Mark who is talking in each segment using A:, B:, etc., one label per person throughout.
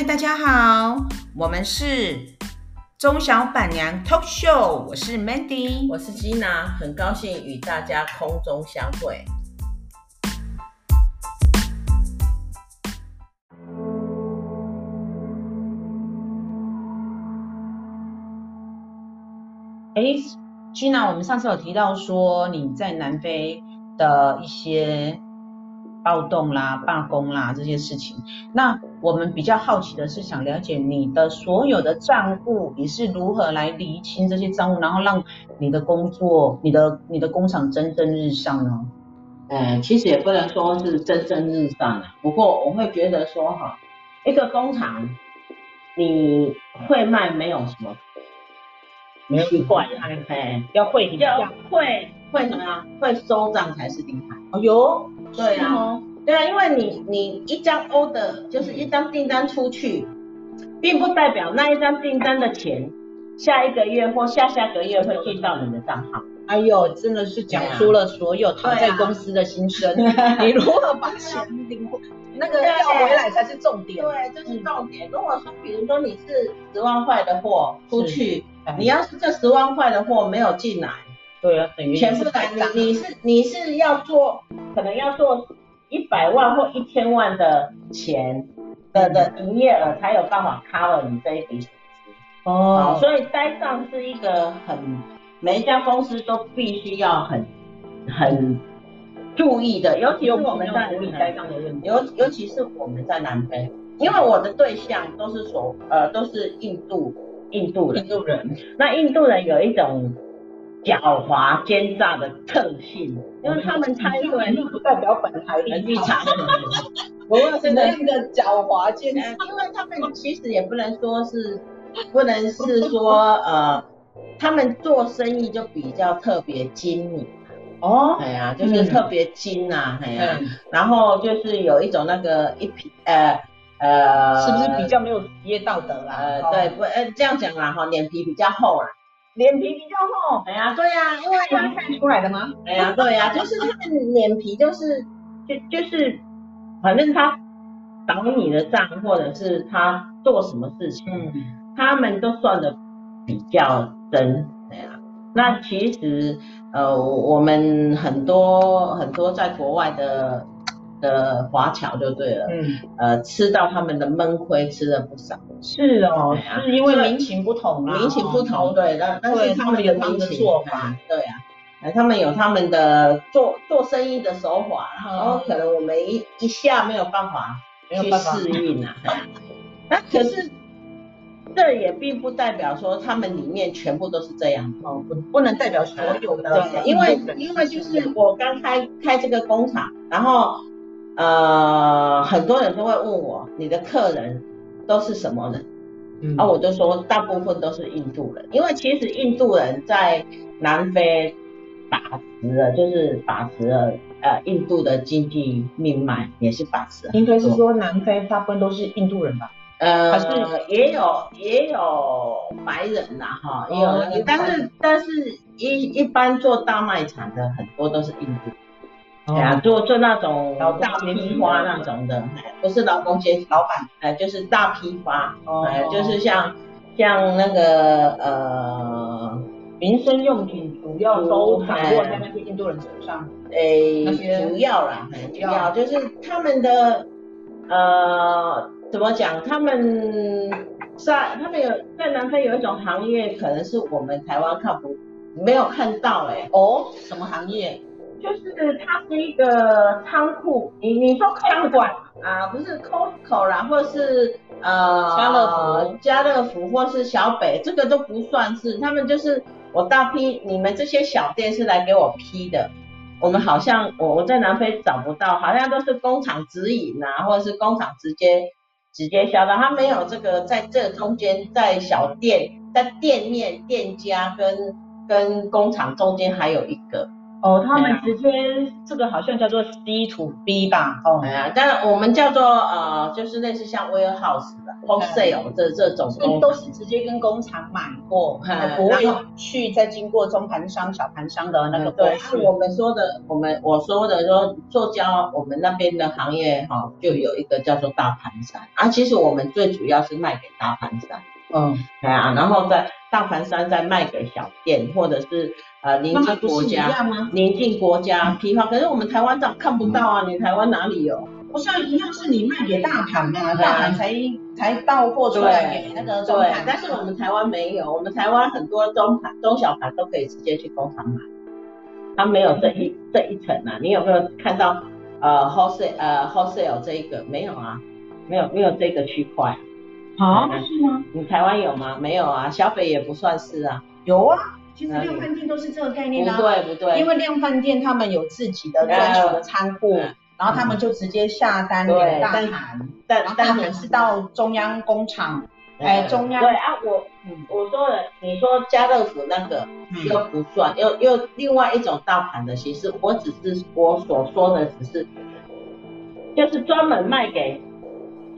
A: 嗨，大家好，我們是中小板娘 Talk Show，我是 Mandy，我是 Gina，很高興與大家空中相會。哎，Gina，我們上次有提到說你在南非的一些暴動啦、罷工啦這些事情，那。我們比較好奇的是，想了解你的所有的帳務，你是如何來釐清這些帳務，然後讓你的工作、你的、你的工廠蒸蒸日上呢？嗯，其實也不能說是蒸蒸日上啊，嗯。不過我會覺得說哈，一個工廠你會賣沒有什麼，沒有奇可以要會一樣，要會要會，會什麼呀？會收賬才是厲害。哦喲、啊，對呀、啊。對啊，因為你你一張 order 就是一張訂單出去，嗯，並不代表那一張訂單的錢、嗯、下一個月或下下個月會進到你的賬號。哎呦，真的是講出了所有討債公司的心聲。啊、你如何把錢、啊、那個要回來才是重點。對、啊對，啊對啊嗯，這是重點。如果說比如說你是十萬塊的貨出去，嗯、你要是這十萬塊的貨沒有進來，對啊，等於你全部呆帳。你是你是要做，可能要做。一百萬或一千萬的錢的的營業額才有辦法 cover 你這一筆損失哦，所以呆賬是一個很每一家公司都必須要很很注意的，尤其是我們在處理呆賬的問題，尤尤其是我們在南非，因為我的對象都是所呃都是印度印度人，印度人，那印度人有一種。狡猾奸詐的特性，因為他們猜對，不代表本台立場。問要說那個狡猾奸， 因為他們其實也不能說是， 不能是說呃，他們做生意就比較特別精明。明哦，哎呀，就是特別精啊，嗯、哎呀、嗯，然後就是有一種那個一皮呃呃，是不是比較沒有職業道德啦、啊哦？呃，對，不，呃，這樣講啦哈，臉皮比較厚啊臉皮比較厚。哎呀、啊，對呀、啊，因為、啊、他看出來的嗎？哎呀、啊，對呀、啊，就是他的臉皮就是， 就就是，反正他倒你的賬，或者是他做什麼事情，嗯、他們都算的比較真。哎呀、啊，那其實呃，我們很多很多在國外的。的華僑就對了，嗯，呃，吃到他們的悶虧吃了不少，是哦、喔啊，是因為民情不同民、啊、情不同、啊哦，對，但是他們有他們的做法，對啊，他們有他們的做們們的做，做生意的手法、嗯，然後可能我們一一下沒有辦法去適應啊。那、啊、 可是，這也並不代表說他們裡面全部都是這樣，不、嗯、不能代表所有的。對對對因為對因為就是我剛開開這個工廠，然後。呃，很多人都會問我，你的客人都是什麼人？嗯，啊，我就說大部分都是印度人，因為其實印度人在南非把持了，就是把持了呃印度的經濟命脈，也是把持。應該是說南非大部分都是印度人吧？呃，是也有也有白人吶、啊，哈，哦、有、那個，但是、那個、但是但是一一般做大賣場的很多都是印度人。哎呀、啊，做做那種大批發那種的，不是勞工接老闆，哎，就是大批發，哎，就是像像那個呃民生用品，主要都掌握在那些印度人手上，哎、欸欸，主要啦，很主要就是他們的呃怎麼講，他們在他們有在南非有一種行業，可能是我們台灣看不沒有看到誒、欸。哦，什麼行業？就是它是一個倉庫，你你說倉管啊，不是 Costco 啦，或是呃家樂福、家樂福或是小北，這個都不算是，他們就是我大批，你們這些小店是來給我批的、嗯，我們好像我我在南非找不到，好像都是工廠直營啊，或者是工廠直接直接銷的，他沒有這個在這個中間，在小店、在店面、店家跟跟工廠中間還有一個。哦，他們直接、嗯、這個好像叫做 D to B 吧，哦，嗯、但我們叫做呃，就是類似像 warehouse 的 wholesale、嗯、這、嗯、這種，嗯，都是直接跟工廠買過、嗯嗯，不會去再經過中盤商、嗯、小盤商的那個、嗯。對是、啊，我們說的，我們我說的說做膠，我們那邊的行業哈、哦，就有一個叫做大盤商，啊，其實我們最主要是賣給大盤商，嗯，對、嗯、啊、嗯，然後在大盤商再賣給小店或者是。啊、呃，鄰近國家，鄰近國家、嗯、批發，可是我們台灣怎麼看不到啊？嗯、你台灣哪裡有？不是一樣是你賣給大盤嗎、啊？大盤才才到貨出來對給那個中盤，但是我們台灣沒有，我們台灣很多中盤、中小盤都可以直接去工廠買，它、啊、沒有這一、嗯、這一層啊。你有沒有看到呃 wholesale 啊、呃、wholesale 這一個沒有啊？沒有沒有這個區塊啊，啊？是嗎？你台灣有嗎？沒有啊，小北也不算是啊，有啊。其實量販店都是這個概念啦、啊，嗯、不對不對，因為量販店他們有自己的專屬的倉庫，然後他們就直接下單給大盤，但大盤是到中央工廠，哎中央對、嗯、對啊我，我說的你說家樂福那個、嗯、又不算又又另外一種大盤的形式，我只是我所說的只是，就是專門賣給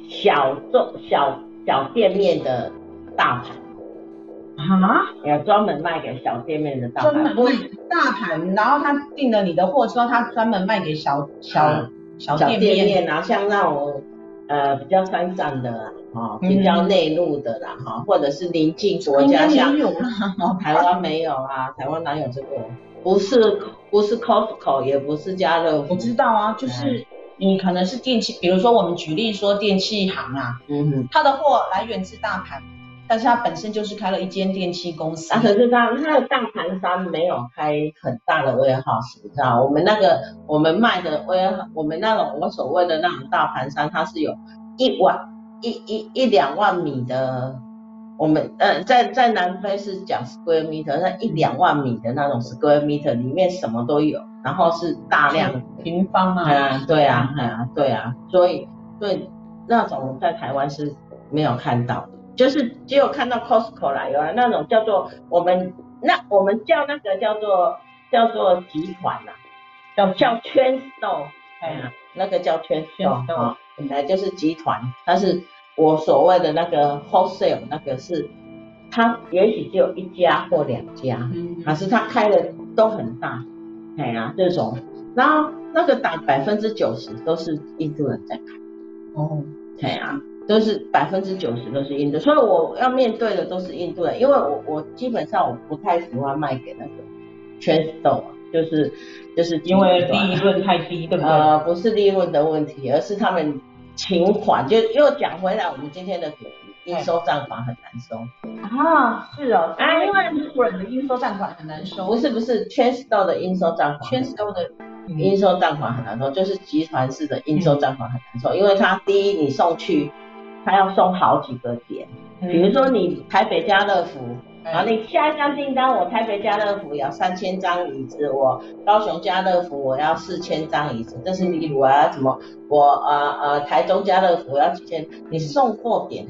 A: 小眾小小、小店面的大盤。啊，要專門賣給小店面的，專門是，大盤，然後他訂了你的貨之後，他專門賣給小小、嗯、小店面，然後、啊、像那種、嗯、呃比較山上的啊，比較內陸的、哦、的啦哈、嗯嗯，或者是臨近國家，像台灣沒有啊，台灣沒有、啊、台灣哪有這個？不是不是 Costco 也不是家樂福，我知道啊，就是、嗯、你可能是電器，比如說我們舉例說電器行啊，嗯哼、嗯，他的貨來源是大盤。但是他本身就是開了一間電器公司啊，可是他他的大盤商沒有開很大的 warehouse，你知道。我們那個我們賣的 warehouse，我們那種我所謂的那種大盤商，它是有一萬一一一,一兩萬米的，我們呃在在南非是講 square meter，那一兩萬米的那種 square meter 裡面什麼都有，然後是大量平方啊，啊對啊對啊對啊，所以所以那種在台灣是沒有看到的。就是只有看到 Costco 啦有了、啊、那種叫做我們那我們叫那個叫做叫做集團吶、啊嗯，叫叫全 store 那個叫全 store 本來就是集團，但是我所謂的那個 wholesale 那個是，他也許只有一家或兩家，嗯，可是他開的都很大，對啊，這種，然後那個打百分之九十都是印度人在開，哦，對啊。都、就是百分之九十都是印度，所以我要面對的都是印度人，因為我我基本上我不太喜歡賣給那個圈子就是就是因為，因為利潤太低，對不對？呃，不是利潤的問題，而是他們情款，就又講回來我們今天的應收賬款很難收。哎、啊，是哦，啊，因為日本的應收賬款很難收，不是不是圈子 a 的應收賬款，圈子 a 的應收賬款很難收，就是集團式的應收賬款很難收，因為他第一你送去。他要送好幾個點，比如說你台北家樂福、嗯，然後你下一張訂單，我台北家樂福要三千張椅子，我高雄家樂福我要四千張椅子，這是例如、啊，我要怎麼我呃呃台中家樂福我要幾千？你送貨點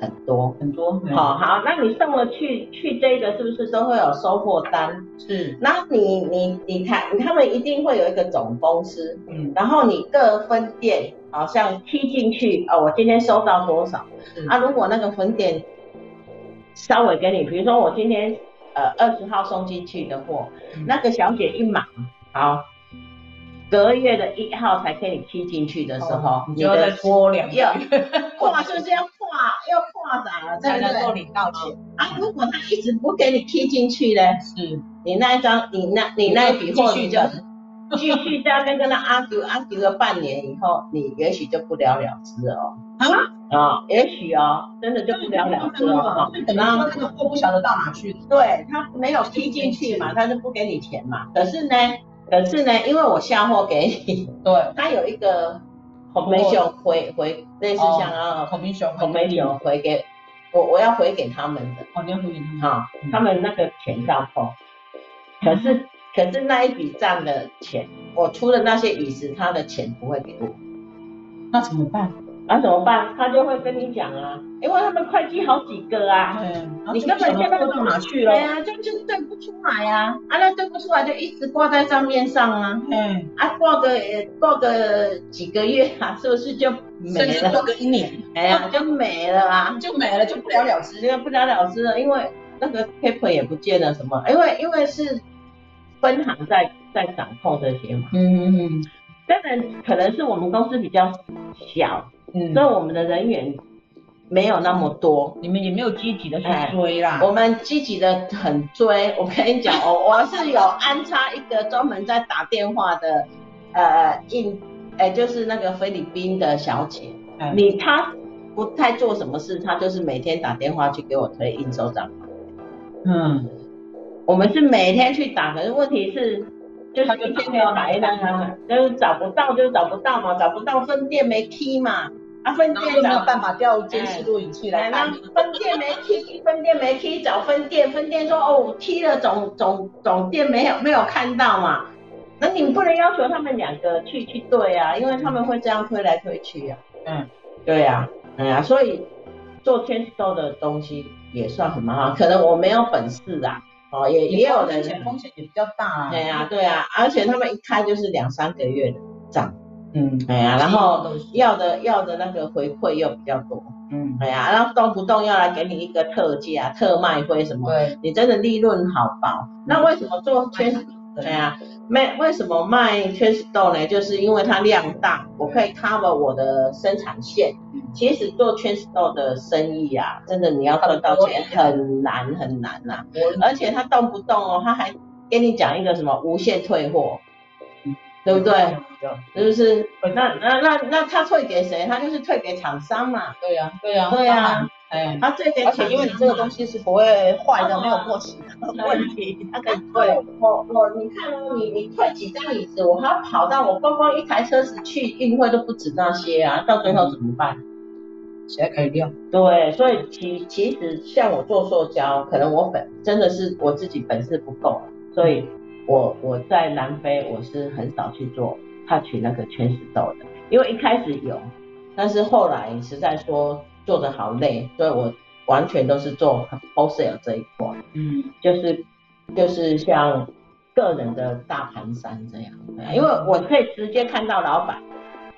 A: 很多很多，很多嗯、好好，那你送了去去這個是不是都會有收貨單？是，那你你你台他，他們一定會有一個總公司，嗯，然後你各分店。好像踢進去、哦、我今天收到多少？嗯、啊，如果那個分店稍微給你，比如說我今天呃二十號送進去的貨，嗯、那個小姐一滿好，隔月的一號才給你踢進去的時候，嗯、你的就要再拖兩樣。月，跨就是要跨要跨檔了？ 才能夠領到錢。嗯、啊，如果他一直不給你踢進去呢？嗯，你那一張你那你那筆貨的。 繼續在那邊跟跟他阿叔阿叔了半年以後，你也許就不了了之哦。好嗎？啊、哦，也許哦，真的就不了了之了、哦、哈。可、嗯、能那個貨、那個、不曉得到哪去。對他沒有批進去嘛，他就不給你錢嘛。可是呢，可是呢，因為我下貨給你，對，他有一個 commission 回、哦、回，類似像啊，commission commission 回給我，我要回給他們的。哦、你要回給他們哈，他們那個錢到後可是。可是那一筆賬的錢，我出了那些椅子，他的錢不會給我，嗯、那怎麼辦？那、啊、怎麼辦？他就會跟你講啊，因為他們會計好幾個啊，你根本錢都到哪去了喔？對呀、啊、就就對不出來啊，啊，那對不出來就一直掛在賬面上啊，嗯，啊，掛個掛個幾個月啊，是不是就沒了？甚至掛個一年、啊、就沒了啊，就沒了，就不了了之，因為不了了之了，了，了，了，因為那個 paper 也不見了什麼，因為因為是。分行在在掌控這些嘛，嗯哼哼，當然可能是我們公司比較小，嗯，所以我們的人員沒有那麼多，嗯、你們也沒有積極的去追啦。欸、我們積極的很追，我跟你講，我、 哦、我是有安插一個專門在打電話的，呃，印，呃、欸，就是那個菲律賓的小姐，欸、你她不太做什麼事，她就是每天打電話去給我推印收帳，嗯。嗯我們是每天去打，可是問題是，就是今天沒有打一單，欸、他們就是找不到，就是找不到嘛，找不到分店，沒踢嘛，啊分店沒有辦法調監視錄影器來、嗯、分店沒踢， 分店沒踢，找分店，分店說，哦踢了，總總總店沒有沒有看到嘛，那你不能要求他們兩個去去。對啊，因為他們會這樣推來推去啊。嗯，對呀、啊，哎呀、啊，所以做天豆的東西也算很麻煩，可能我沒有本事啊。哦，也也有的，風險風險也比較大、啊。對啊，對啊，而且他們一開就是兩三個月的帳，嗯，對啊，然後要的、嗯、要的那個回饋又比較多，嗯，對啊，然後動不動要來給你一個特價、啊嗯、特賣會什麼，對，你真的利潤好薄。那為什麼做圈子？對啊。賣為什麼賣 chain store 呢？就是因為它量大，我可以 cover 我的生產線。其實做 chain store 的生意啊，真的你要賺到錢很難很難吶、啊。而且他動不動哦，他還給你講一個什麼無限退貨，對不對？是、就、不是？那那那那他退給誰？他就是退給廠商嘛。對呀、啊，對呀、啊，對呀、啊。哎，他、啊、最些，而且因為你這個東西是不會壞的、啊，沒有過時的問題，他可以退。我我你看哦，你你退幾張椅子，我還要跑到我光光一台車子去運費都不止那些啊，到最後怎麼辦？誰還可以用？對，所以其所以其，其實像我做塑膠，可能我本真的是我自己本事不夠，所以我我在南非我是很少去做他取那個全石頭的，因為一開始有，但是後來實在說。做得好累，所以我完全都是做 wholesale 這一塊，嗯，就是就是像個人的大盤商這樣，對啊，因為我可以直接看到老板，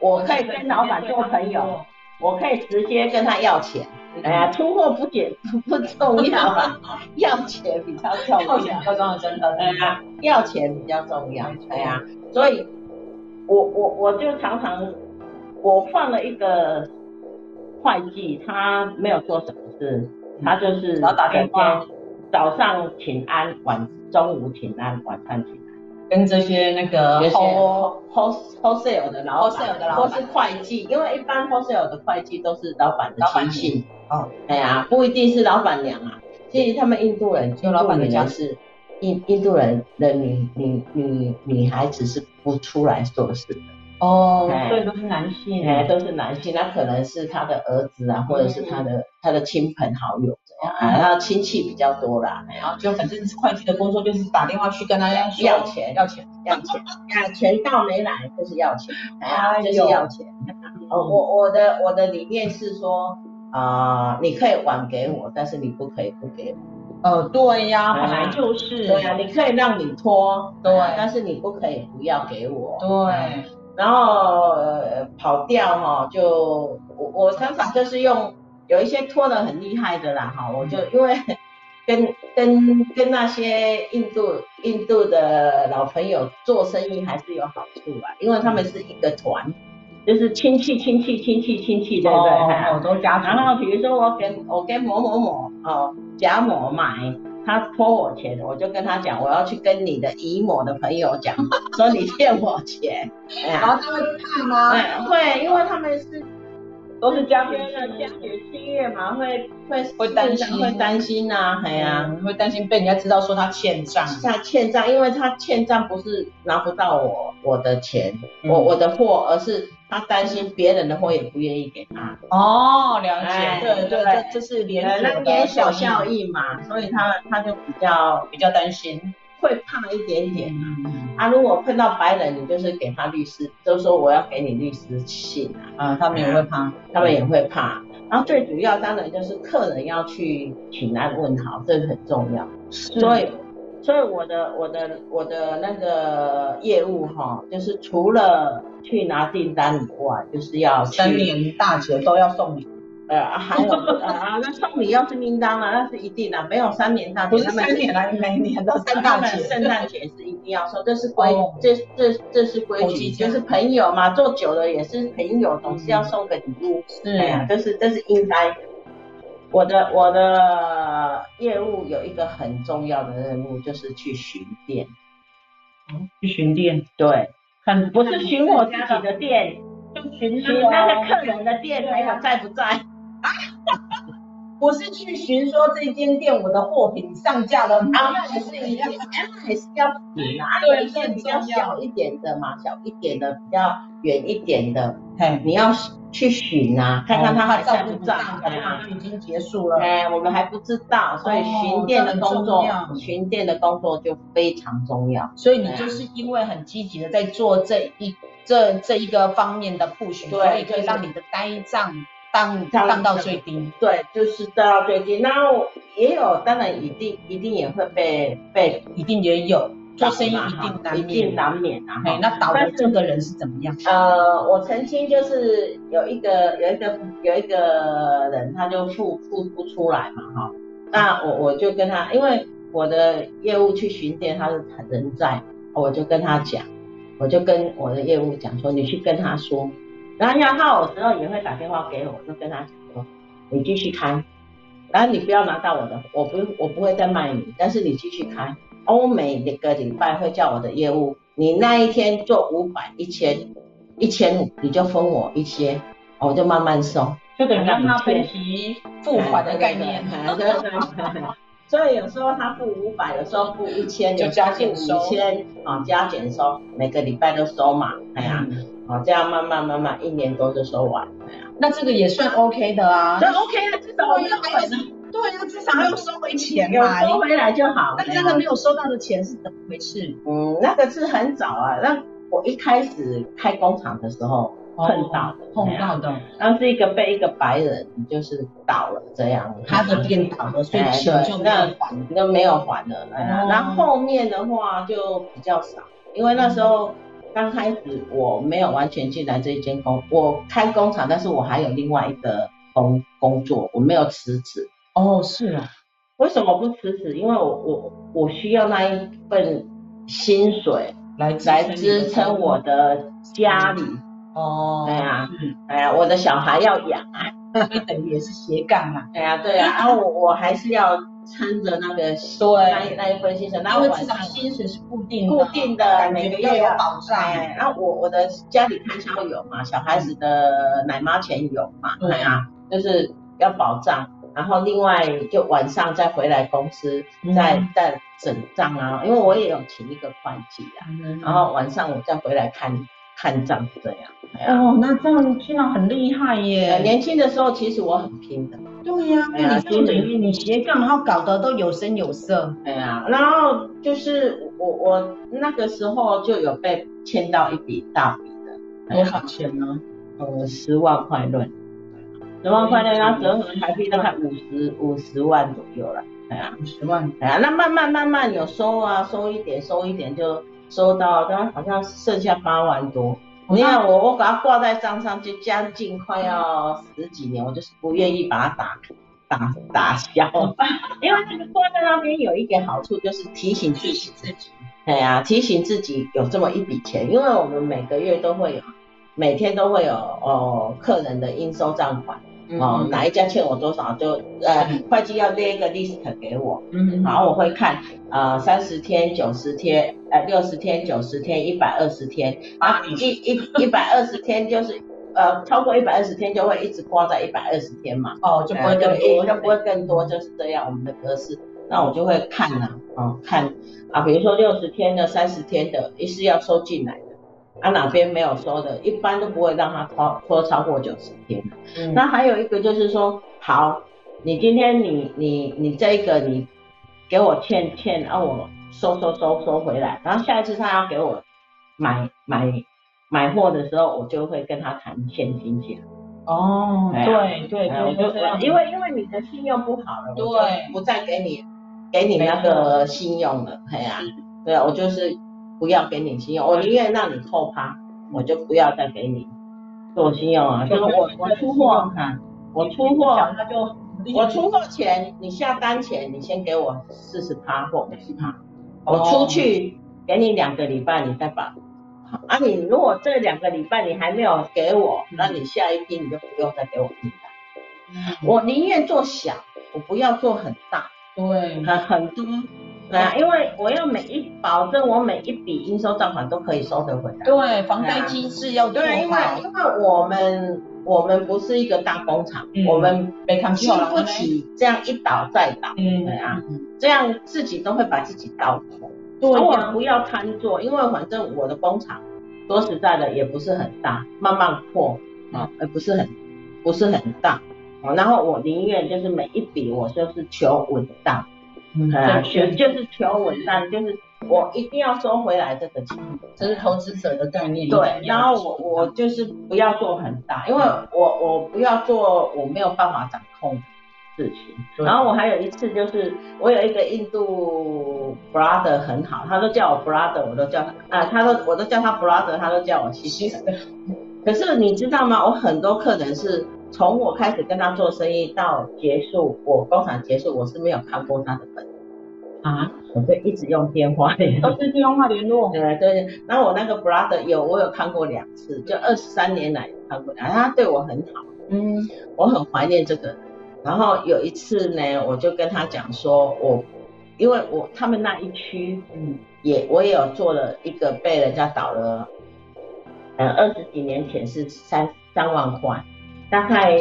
A: 我可以跟老板做朋友，我可以直接跟他要錢，哎呀，對啊，出貨不給不重要、啊，要錢比較重要，要錢要錢比較重要，哎呀，所以我我我就常常我放了一個。會計他沒有做什麼事，嗯、他就是老打電話，天天早上請安，晚中午請安，晚上請安。跟這些那個有些 wholesale Host, Host, 的、的老闆，或是會計，因為一般 wholesale 的會計都是老闆的親戚哦。哎呀、啊，不一定是老闆娘啊。其實他們印度人，嗯、就老闆娘、娘是印印度人的女女女女孩子是不出來做事的。哦、oh,，對，都是男性，哎，都是男性，那可能是他的兒子啊，或者是他的、嗯、他的親朋好友，這樣啊、嗯，然後親戚比較多啦，然、嗯、後就反正會計的工作就是打電話去跟他要，要錢，要錢，要錢，啊 要錢， 錢到沒來，就是要錢，啊、哎，就是要錢。哦、嗯，我我的我的理念是說啊、呃，你可以晚給我，但是你不可以不給我。哦、呃，對呀、啊，本、嗯、來就是，對呀、啊，你可以讓你拖對，對，但是你不可以不要給我，對。然後、呃、跑掉哈、哦，就我我常常就是用有一些拖得很厲害的啦哈，我就因為跟，嗯、跟跟那些印度印度的老朋友做生意還是有好處吧，因為他們是一個團，就是親戚親戚親戚親戚，對對對。哦，好多家族。然後比如說我跟我跟某某某哦，賈某買。他拖我錢，我就跟他講，我要去跟你的姨母的朋友講， 說你欠我錢，然 後、啊啊、他會怕嗎？會、嗯，因為他們是都是家邊的江浙區域嘛，會會會擔心，會擔心吶，哎呀，會擔心、啊嗯啊、心被人家知道說他欠賬，他欠賬，因為他欠賬不是拿不到我我的錢，嗯、我我的貨，而是。他擔心別人的貨也不願意給他哦，了解。哎、對對，對，對，對這，這是連、嗯、那點小效益嘛，對，所以他他就比較比較擔心會怕一點點。嗯、他、嗯啊、如果碰到白人，你就是給他律師，就說我要給你律師信啊，嗯、啊他們也會怕、嗯，他們也會怕。然後最主要當然就是客人要去請安問好，這是很重要，所以。所以我的我的我的那個業務哈，就是除了去拿訂單以外，就是要。三年大節都要送禮。呃、啊，還有 啊，那送禮要是應當啊，那是一定的、啊，沒有三年大節。三年來每，每年到三大節。聖誕節是一定要送，這是規這這這是規矩、哦，就是朋友嘛，做久了也是朋友，總是要送個禮物。是啊、嗯，這是這是應該。我的我的業務有一個很重要的任務，就是去巡店。嗯、去巡店。對。很不是巡我自己的店，就巡巡那個客人的店，還有在不在。啊？我 是去巡說這間店我的貨品上架了嗎？啊就是一嗯、還是要？那還是要對，要比較小一點的嘛，小一點的，比較遠一點的。Hey, 你要去巡啊，看看他還在不在。嗯嗯，已經結束了。哎、嗯，我們還不知道，所以巡店的工作，巡店的工作就非常重要。所以你就是因為很積極的在做這一、嗯、這這，這，這一個方面的布巡，所以就讓你的呆賬當當到最低。對，就是到最低。那也有，當然一定一定也會被被，一定也有。做生意一定一定難免那倒了這個人是怎麼樣？呃，我曾經就是有一個有一個有一個人，他就付付不出來嘛，哈。那我我就跟他，因為我的業務去巡店，他是很人在，我就跟他講，我就跟我的業務講說，你去跟他說。然後要貨的時候也會打電話給我，我就跟他講說，你繼續開，然後你不要拿到我的，我不我不會再賣你，但是你繼續開。歐美一個禮拜會叫我的業務，你那一天做五百、一千、一千五，你就分我一些，我就慢慢收，就等於讓他分期付款的概念啊。嗯、okay, okay. 所以有時候他付五百，有時候付一千，有加減收。五千啊，加減收，每個禮拜都收嘛，哎呀，啊、哦、這樣慢慢慢慢，一年多就收完。嗯，哎呀，那這個也算 OK 的啊？那 OK 的，至少五百。這個因為、啊、至少要收回錢嘛，收回來就好。那、嗯、真的沒有收到的錢是怎麼回事？嗯，那個是很早啊，那我一開始開工廠的時候碰到碰到的，然、哦、後、啊、是一個被一個白人就是倒了這樣，他的店倒了，對，那就那沒有還了、哦。然後後面的話就比較少，因為那時候、嗯、剛開始我沒有完全進來這一間工，我開工廠，但是我還有另外一個工工作，我沒有辭職。哦，是啊，為什麼不辭職？因為我我我需要那一份薪水來來支撐我的家裡。哦，對啊，哎、嗯、呀、啊，我的小孩要養，等於 也是斜槓嘛。哎呀，對啊，然後、啊 啊、我我還是要撐着那個，對， 那一那一份薪水，那為至少薪水是固定的固定的，每個月有保障。哎、啊，那我我的家裡開銷有嘛，小孩子的奶媽錢有嘛，對、嗯、啊，就是要保障。然後另外就晚上再回來公司再、嗯、再整賬啊，因為我也有請一個會計啊，嗯、然後晚上我再回來看看賬這樣、嗯啊。哦，那這樣聽到很厲害耶！年輕的時候其實我很拼的。對呀、啊，哎呀、啊，等於、啊、你鞋幹嘛搞得都有聲有色，對呀、啊，然後就是我我那個時候就有被欠到一筆大筆的，多少、啊啊、錢呢、啊？呃、嗯，十萬塊潤。
B: 十萬塊要要折合
A: 台幣大概五十五十萬左右了。哎呀五十萬，哎呀、啊、那慢慢慢慢有收啊，收一點收一點就收到，但好像剩下八萬多。你看我我把它掛在賬上，就將近快要十幾年，嗯、我就是不願意把它打打打消， 因為那個掛在那邊有一點好處，就是提醒自己自己。哎 呀、啊，提醒自己有這麼一筆錢，因為我們每個月都會有，每天都會有哦、呃，客人的應收賬款。哦，哪一家欠我多少，就呃、嗯，會計要列一個 list 給我，嗯，然後我會看，呃，三十天、九十天、呃，六十天、九十天、一百二十天，啊，一一一百二十天就是，呃，超過一百二十天就會一直掛在一百二十天嘛，哦，就不會更多，就不會更多，就是這樣，我們的格式，嗯、那我就會看了、啊、哦、嗯，看，啊，比如說六十天的、三十天的，一是要收進來。啊，哪邊沒有收的，一般都不會讓他拖拖超，超過九十天的、嗯。那還有一個就是說，好，你今天你你你這個你給我欠欠，讓、啊、我收收收收回來。然後下一次他要給我買買買貨的時候，我就會跟他談現金結。哦，對、啊、對，對。對就是、因為因為你的信用不好了，對，對不再給你給你那個信用了，對，了對啊，對啊、嗯，對啊，我就是。不要給你信用，我寧願讓你扣趴，我就不要再給你做信用啊。嗯、就是我我出貨哈，我出貨那就我出貨、啊啊啊、前，你下單前，你先給我四十趴或五十趴，我出去、哦、給你兩個禮拜，你再把。好，啊你如果這兩個禮拜你還沒有給我，那、嗯、你下一批你就不用再給我訂單、嗯。我寧願做小，我不要做很大，對，很很多。對啊，因為我要每一保證我每一筆應收賬款都可以收得回來。對，防呆機制要做好。對啊，因為因為我們我們不是一個大工廠，嗯、我們沒經不起這樣一倒再倒、嗯。對啊，這樣自己都會把自己倒。所以我們不要貪做，因為反正我的工廠說實在的也不是很大，慢慢擴啊，不是很不是很大。然後我寧願就是每一筆我就是求穩當。嗯，嗯，全全就是求穩，但就是我一定要收回來這個錢，這是投資者的概念。對，然後我、我就是不要做很大，嗯、因為我我不要做我沒有辦法掌控的事情。嗯、然後我還有一次就是我有一個印度 brother 很好，他都叫我 brother，我都叫他啊、呃，他都我都叫他 brother，他都叫我西西。是，可是你知道嗎？我很多客人是。從我開始跟他做生意到結束，我工廠結束，我是沒有看過他的本。啊，我就一直用電話，都是電話聯絡。對對對，那我那個 brother 有我有看過兩次，就二十三年來看過，他對我很好，嗯，我很懷念這個。然後有一次呢，我就跟他講說，我因為我他們那一區，嗯，也我也有做了一個被人家倒了，嗯，二十幾年前是三三萬塊。大概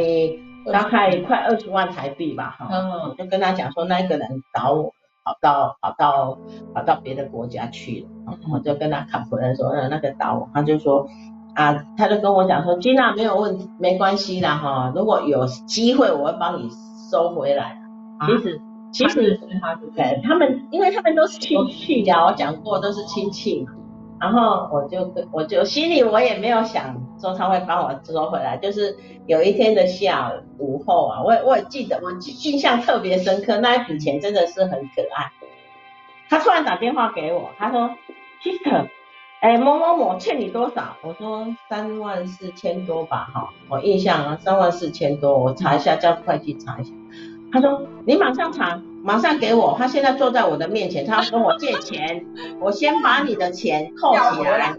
A: 大概快二十萬台幣吧，哈，我就跟他講說，那個人找我跑到跑到跑到別的國家去了，然後我就跟他講回來說，呃，那個找我，他就說，啊，他就跟我講說，Gina 沒有問題，沒關係啦。哈，如果有機會我會幫你收回來。其實、啊、其實、啊、他們因為他們都是親戚，講我講過都是親戚嘛，嗯、然後我就我就心裡我也沒有想。說他會幫我捉回來，就是有一天的下午午後啊，我也我也記得，我印象特別深刻，那一筆錢真的是很可愛。他突然打電話給我，他說 Peter，欸、某某某欠你多少？我說三萬四千多吧，哈，哦，我印象啊，三萬四千多，我查一下，叫會計查一下。他說你馬上查，馬上給我。他現在坐在我的面前，他要跟我借錢， 我先把你的錢扣起來，起來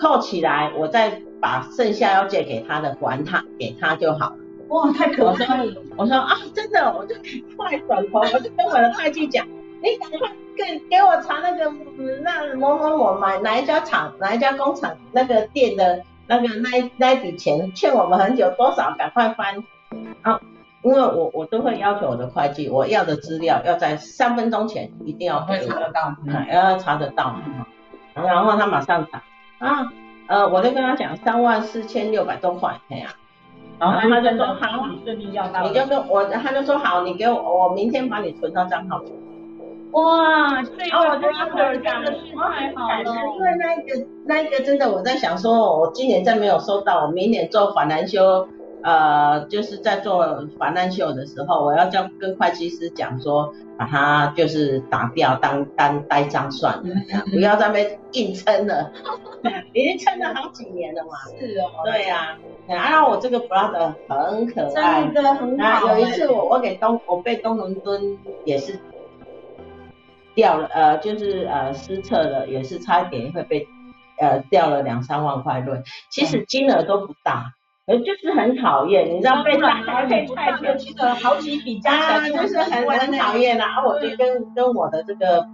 A: 扣起來，我再。把剩下要借給他的還他，給他就好。哇，太可怕了 我！我說啊，真的，我就快轉頭，我就跟我的會計講，你趕快給給我查那個，那某某某買哪一家廠，哪一家工廠那個店的那個那那筆錢欠我們很久，多少？趕快翻啊！因為我我都會要求我的會計，我要的資料要在三分鐘前一定要會查得到，要查得到、嗯。然後他馬上查啊。呃，我就跟他講三萬四千六百多塊錢啊，然後他就說好，你就跟我，他就說好，你給我，我明天把你存到賬號。哇，哦，我覺得他講的太、哦那個、好了，因為那一個那一個真的我在想說，我今年再沒有收到，我明年做法蘭修。呃，就是在做法難秀的時候，我要叫跟會計師講說，把它就是打掉，當當呆賬算了， 不要在那邊硬撐了。 已經撐了好幾年了嘛。是哦。對啊，然後、啊啊啊啊、我這個 brother 很可愛，真的很好。有一次我我給東我被東倫敦也是掉了，呃，就是呃失策了，也是差一點會被呃掉了兩三萬塊瑞，其實金額都不大。嗯呃，就是很討厭，你知道被打牌，被派就記了好幾筆賬啊，就是很很討厭的。然後我就跟跟我的這個，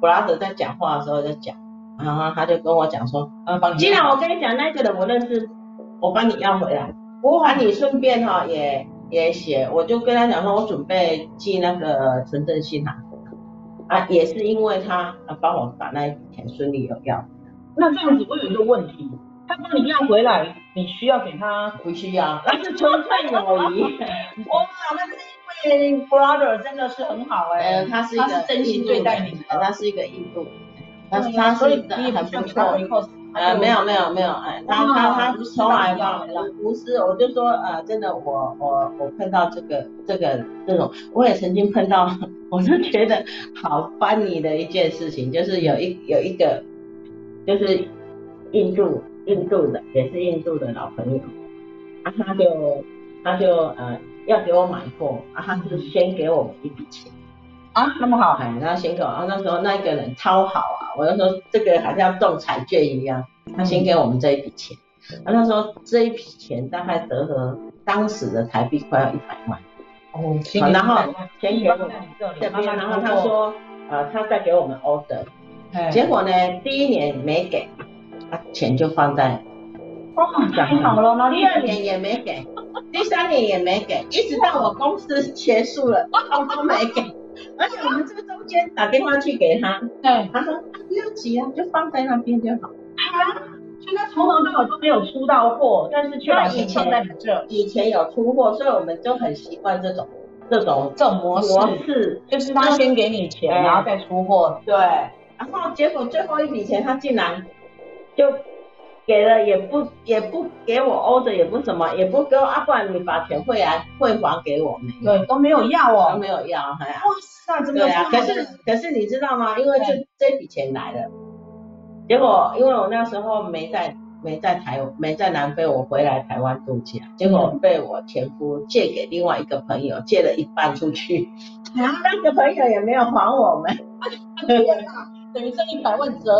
A: 布拉德在講話的時候在講，然後他就跟我講說，啊，既然我跟你講，那個人我認識，我幫你要回來，我還你順便哈也也寫，我就跟他講說，我準備寄那個存證信函啊，啊，也是因為他幫我把那筆錢順利的要回來。那這樣子，我、嗯、有一個問題。他幫你要回來，你需要給他回去呀？那
B: 是純粹友誼。哇，那是因為
A: brother 真的是很好誒，他是一個真心對待你的，他是一個印度，他是、呃、他，是他所以他是很不錯。呃，沒有沒有沒有，沒有哎啊、他他他不是。從來吧，不是，我就說呃，真的我我我碰到這個這個這種，我也曾經碰到， 我就覺得好煩你的一件事情，就是有一有一個就是印度。印度的也是印度的老朋友，阿、啊、哈就，他就呃要給我買貨，阿、啊、哈就先給我們一筆錢啊，那麼好，哎，他先給我，那時候那個人超好啊，我就說這個好像中彩券一樣，嗯、他先給我們這一筆錢，啊、嗯，他，他說這一筆錢大概折合當時的台幣快要一百萬哦，行。然後先給我對，然後他說慢慢呃他再給我們 order，結果呢第一年沒給。錢就放在，太好了，那第二年也沒給， 第三年也沒給，一直到我公司結束了都沒給。Oh、 而且我們這個中間打電話去給他，對，他說不用、啊、急啊，就放在那邊就好。他、啊、現在從頭到尾都沒有出到貨，但是卻把錢在你這。以前有出貨，所以我們就很習慣這種這種這種模式，模式就是他先給你錢，然後再出貨。對，然後結果最後一筆錢他竟然。就給了，也不也不給我 order 也不怎麼也不跟阿怪，啊、不然你把錢匯來匯還給我們，對，都沒有要哦、喔，都沒有要，哎呀、啊，哇塞，怎麼、啊、的可是可是你知道嗎？因為就這這筆錢來了，結果因為我那時候沒在沒在台沒在南非，我回來台灣度假，結果被我前夫借給另外一個朋友、嗯、借了一半出去、啊，那個朋友也沒有還我們。 等於這一百萬折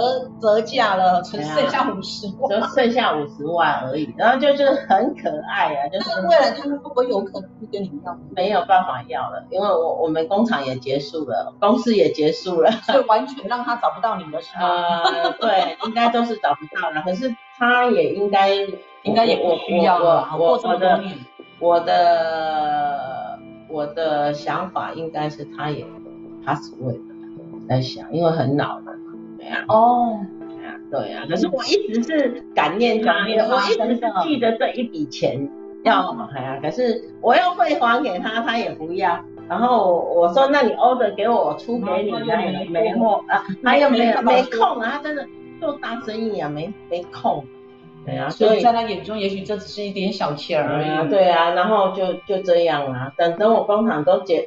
A: 折價了，只剩下五十萬，啊，就剩下五十萬而已。然後就是很可愛啊，就是。為未來他們不會有可能會跟你們要？沒有辦法要了，因為我我們工廠也結束了，公司也結束了，所以完全讓他找不到你們是嗎？啊、呃，對，應該都是找不到了。可是他也應該 應該也不需要我我我我的我的我的想法應該是他也他是為了。在想，因為很老了嘛，對啊，哦、oh, yeah，對啊，對啊。可是我一直是感念他，我一直是記得這一筆錢要，哎、嗯、呀、啊，可是我要會還給他，他也不要。然後我說，那你 order 給我，我出給你，嗯、你沒沒、啊、沒，他又沒、沒，沒空啊？他真的做大生意啊，沒沒空。對啊，所以，所以在他眼中，也許這只是一點小錢而已。對啊，對啊，然後就就這樣啊，等等，我工廠都結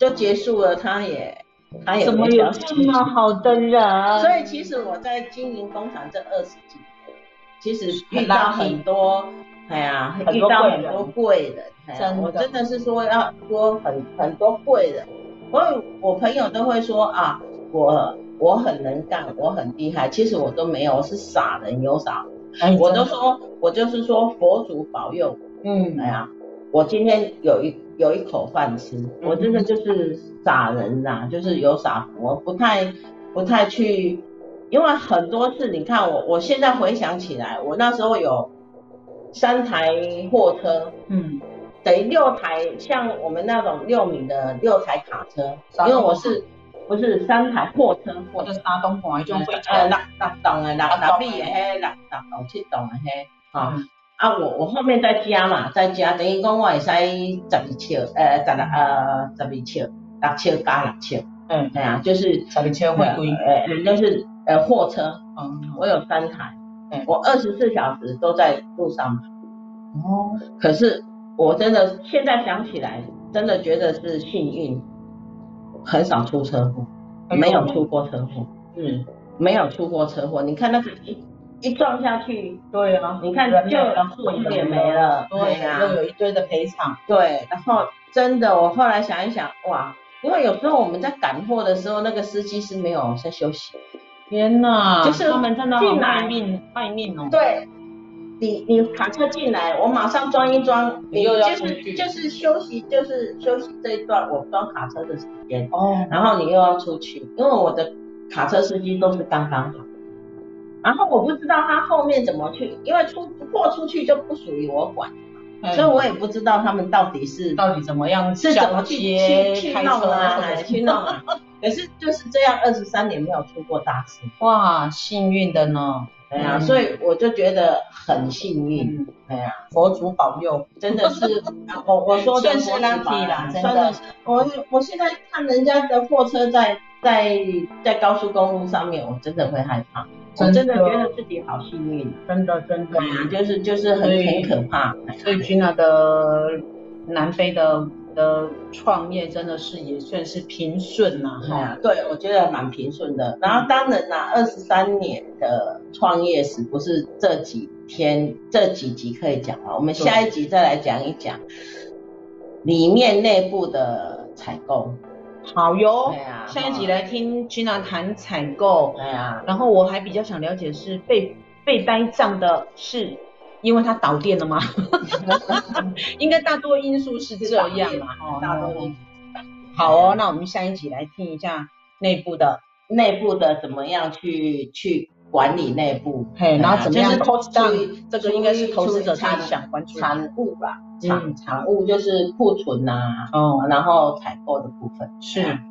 A: 就結束了，他也。還有什麼有這麼好的人？所以其實我在經營工廠這二十幾年，其實遇到很多，哎呀、啊，遇到很多貴人、啊的。我真的是說要說很很多貴人，所以我朋友都會說啊，我我很能幹，我很厲害。其實我都沒有，我是傻人有傻福、哎。我都說我就是說佛祖保佑。嗯，哎呀、啊，我今天有一。有一口飯吃，我真的就是傻人吶、啊嗯，就是有傻福，不太不太去，因為很多次，你看我，我現在回想起來，我那時候有三台貨車，嗯，等於六台，像我們那種六米的六台卡車，因為我是不是三台貨車，車？貨車。就是阿東講一種貨車，呃，那當然，那那邊也嘿，那六七棟的嘿，啊。啊，我我後面再加嘛，再加，等於講我會使十二車呃，十來呃，十二車，六車加六車嗯，哎呀、啊，就是小車會貴，哎、嗯，那、嗯就是、嗯就是、呃貨車，嗯，我有三台，嗯、我二十四小時都在路上。哦、嗯，可是我真的現在想起來，真的覺得是幸運，很少出車禍，沒有出過車禍、哎，嗯，沒有出過車禍。你看那個。一撞下去，對啊，然後你看就樹也沒了，對啊，又有一堆的賠償。對，然後真的，我後來想一想，哇，因為有時候我們在趕貨的時候，那個司機是沒有在休息。天吶，就是他們真的去賣命，賣命哦。對，你你卡車進來，我馬上裝一裝，你又要你出去，就是，就是休息，就是休息這一段我裝卡車的時間。哦，然後你又要出去，因為我的卡車司機都是剛剛好。然後我不知道他後面怎麼去，因為出貨出去就不屬於我管，
B: 所以我也
A: 不知道他們到底是到底怎麼樣，是怎麼去去鬧來去鬧。 可是就是這樣，二十三年沒有出過大事。哇，幸運的呢！哎呀、啊嗯，所以我就覺得很幸運。嗯、對呀、啊、佛祖保佑真 真，真的是我我說的是祖保佑，真的是我我現在看人家的貨車在在在高速公路上面，我真的會害怕。真的,我真的覺得自己好幸運，真的真的，啊、就是就是很很可怕。所以去那個的南非的的創業真的是也算是平順啊，哈、嗯啊。對，我覺得蠻平順的、嗯。然後當然啦，二十三年的創業史不是這幾天這幾集可以講啊，我們下一集再來講一講裡面內部的採購。好喲、啊，下一集來聽 Gina 談採購。哎呀、啊，然後我還比較想了解，是被被呆帳的是因為它導電了嗎？ 應該大多因素是這樣嘛。哦，大多因素。好哦，那我們下一集來聽一下內部的、啊、內部的怎麼樣去去。管理內部，hey, 然後怎麼樣？就是投資這，這個應該是投資者他想關注的產物吧，產產物就是庫存吶、啊，哦、嗯，然後採購的部分，嗯嗯的部分是。